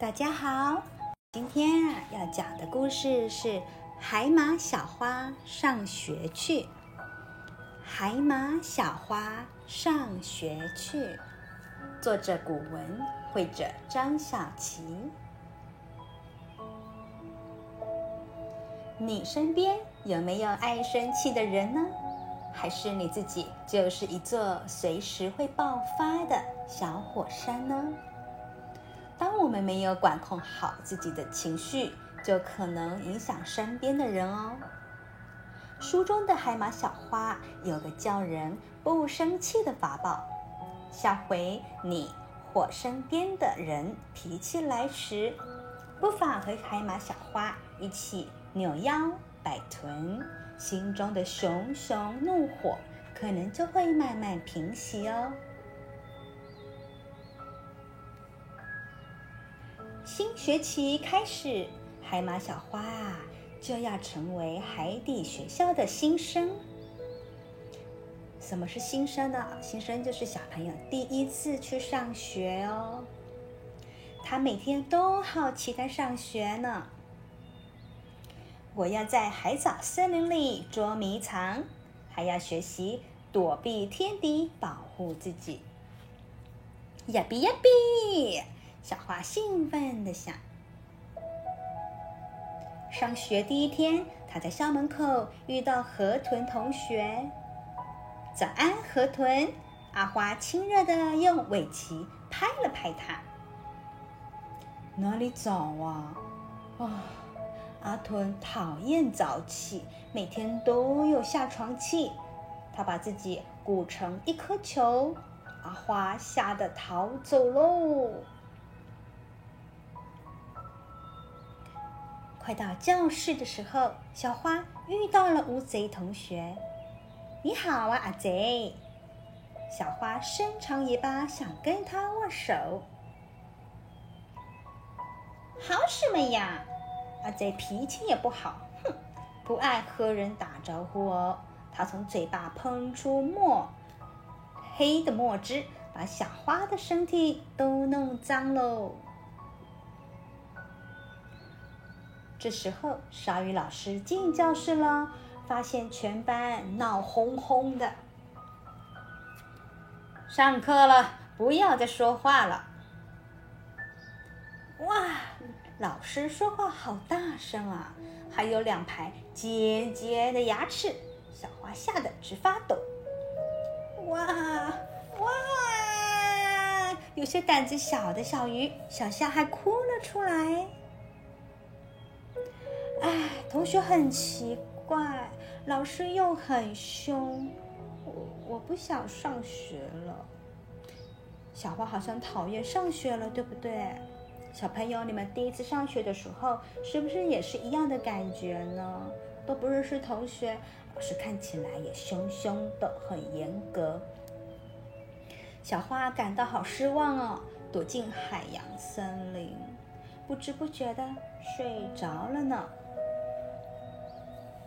大家好，今天啊要講的故事是《海馬小花上學去》。海馬小花上學去，作者古文，繪者張筱琦。你身邊有沒有愛生氣的人呢？還是你自己就是一座隨時會爆發的小火山呢？我們沒有管控好自己的情緒，就可能影響身邊的人哦。書中的海馬小花有個叫人不生氣的法寶，下回你或身邊的人脾氣來時，不妨和海馬小花一起扭腰擺臀，心中的熊熊怒火可能就會慢慢平息哦。新學期開始，海馬小花啊就要成為海底學校的新生。什麼是新生呢？新生就是小朋友第一次去上學哦。他每天都好期待上學呢。我要在海藻森林裡捉迷藏，還要學習躲避天敵，保護自己。呀比呀比！小花興奮地想：“上學第一天，她在校門口遇到河豚同學。早安，河豚！阿花親熱地用尾鰭拍了拍他。哪裡早啊？啊！阿豚討厭早起，每天都有下床氣。他把自己鼓成一顆球，阿花嚇得逃走嘍。”快到教室的時候，小花遇到了烏賊同學。你好啊，阿賊！小花伸長尾巴想跟他握手。好什麼呀？阿賊脾氣也不好，哼，不愛和人打招呼哦。他從嘴巴噴出墨黑的墨汁，把小花的身體都弄髒嘍。這時候，鯊魚老師進教室了，發現全班鬧哄哄的。上課了，不要再說話了！哇，老師說話好大聲啊！還有兩排尖尖的牙齒，小花嚇得直發抖。哇哇！有些膽子小的小魚、小蝦還哭了出來。哎，同學很奇怪，老師又很凶，我我不想上學了。小花好像討厭上學了，對不對？小朋友，你們第一次上學的時候，是不是也是一樣的感覺呢？都不認識同學，老師看起來也凶凶的，很嚴格。小花感到好失望哦，躲進海洋森林，不知不覺的睡着了呢。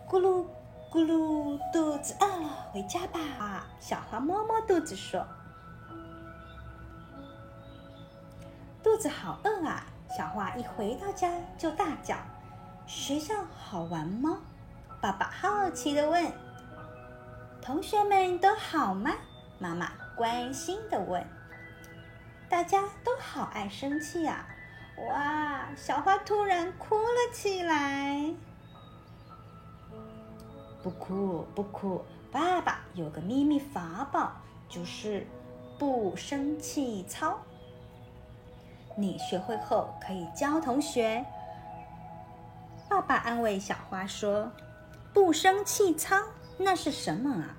咕嚕咕嚕，肚子餓了，回家吧！啊，小花摸摸肚子說：“肚子好餓啊！”小花一回到家就大叫：“學校好玩嗎？”爸爸好奇地問：“同學們都好嗎？”媽媽關心地問：“大家都好愛生氣呀、啊！”哇，小花突然哭了起來。不哭不哭，爸爸有個秘密法寶，就是不生氣操。你學會後可以教同學。爸爸安慰小花說：“不生氣操，那是什麼啊？”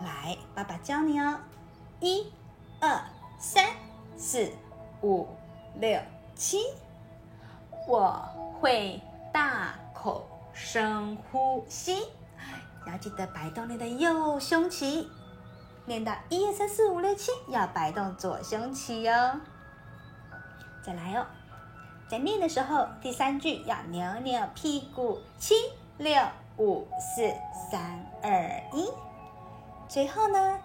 來，爸爸教你哦。一、二、三、四、五、六、七，我會大口。深呼吸，要記得擺動你的右胸鰭，念到一、二、三、四、五、六、七，要擺動左胸鰭哦。再來哦，在念的時候，第三句要扭扭屁股，七、六、五、四、三、二、一。最後呢，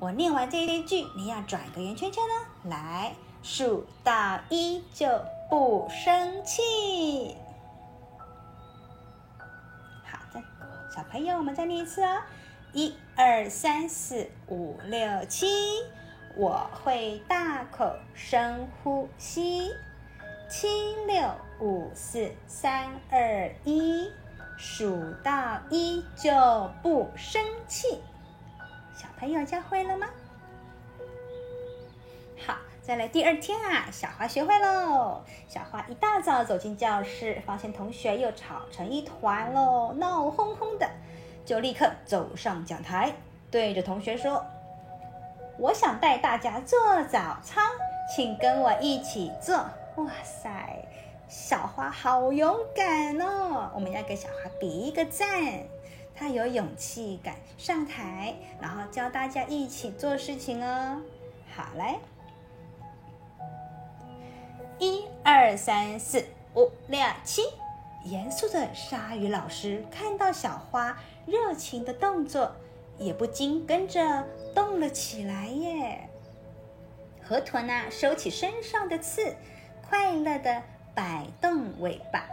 我念完這一句，你要轉個圓圈圈哦，來數到一就不生氣。小朋友，我們再練一次哦，一二三四五六七，我會大口深呼吸，七六五四三二一，數到一就不生氣。小朋友，教會了嗎？再來第二天啊，小花學會嘍。小花一大早走進教室，發現同學又吵成一團嘍，鬧哄哄的，就立刻走上講台，對着同學說：“我想帶大家做早操，請跟我一起做。”哇塞，小花好勇敢哦！我們要給小花比一個讚，她有勇氣敢上台，然後教大家一起做事情哦。好嘞。來一二三四五六七，嚴肅的鯊魚老師看到小花熱情的動作，也不禁跟着動了起來耶。河豚呢，收起身上的刺，快樂的擺動尾巴。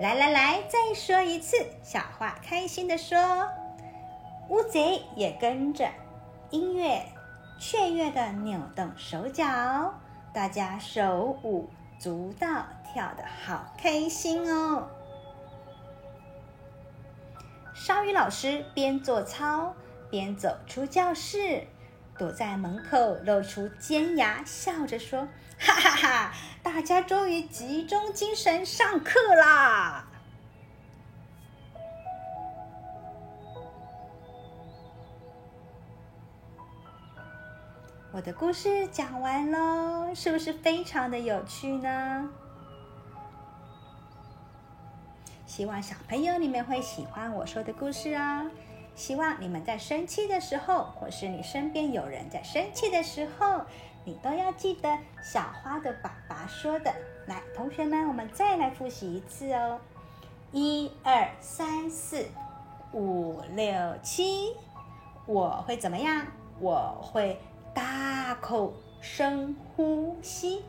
來來來，再說一次！小花開心的說。烏賊也跟着音樂。雀躍的扭動手腳，大家手舞足蹈，跳得好開心哦！鯊魚老師邊做操邊走出教室，躲在門口露出尖牙，笑着說：“哈哈哈哈，大家終於集中精神上課啦！”我的故事講完嘍，是不是非常的有趣呢？希望小朋友你們會喜歡我說的故事哦。希望你們在生氣的時候，或是你身邊有人在生氣的時候，你都要記得小花的爸爸說的。來，同學們，我們再來複習一次哦。一二三四五六七，我會怎麼樣？我會。大口深呼吸，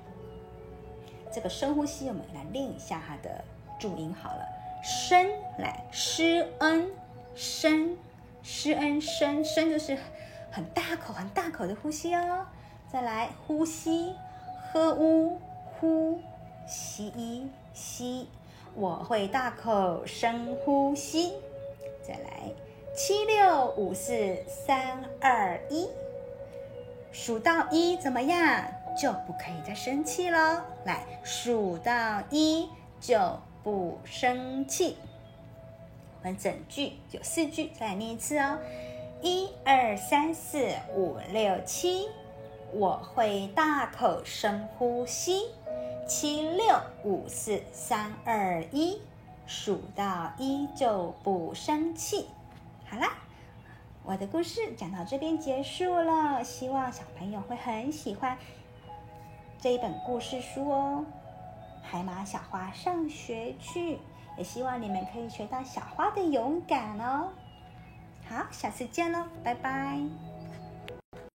這個深呼吸，我們來練一下它的注音好了。深來 shen，深 shen，深深就是很大口、很大口的呼吸哦。再來呼吸 hu，呼吸一吸，我會大口深呼吸。再來七六五四三二一。數到一怎麼樣？就不可以再生氣嘍。來，數到一就不生氣。我們整句有四句，再來念一次哦。一二三四五六七，我會大口深呼吸。七六五四三二一，數到一就不生氣。好啦。我的故事講到這邊結束了，希望小朋友會很喜歡這一本故事書哦。海馬小花上學去，也希望你們可以學到小花的勇敢哦。好，下次見嘍，拜拜。